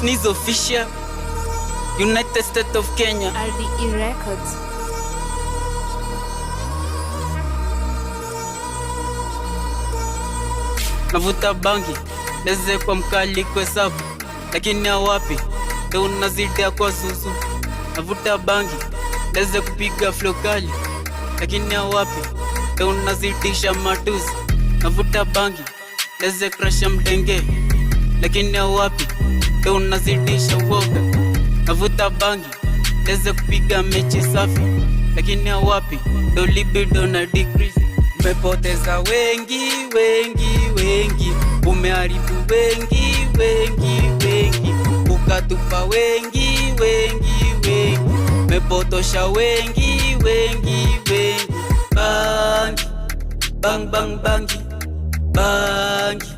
Sneeze Official, United States of Kenya, RDE Records. Navuta bangi Neze kwa mkali kwe sabu, lakini awapi unazidi ya kwa zuzu. Navuta bangi neze kupiga flow kali, lakini awapi leo unazidisha matuzi. Navuta bangi crush ya mdenge, lakini awapi Ke unazidisha uoga, navuta bangi teze kupiga mechi safi, lakini awapi ndo libido na decrease. Umepoteza wengi wengi wengi, umeharibu wengi wengi wengi, ukatupa wengi wengi wengi, umepotosha wengi wengi wengi, bangi bang bang bangi bangi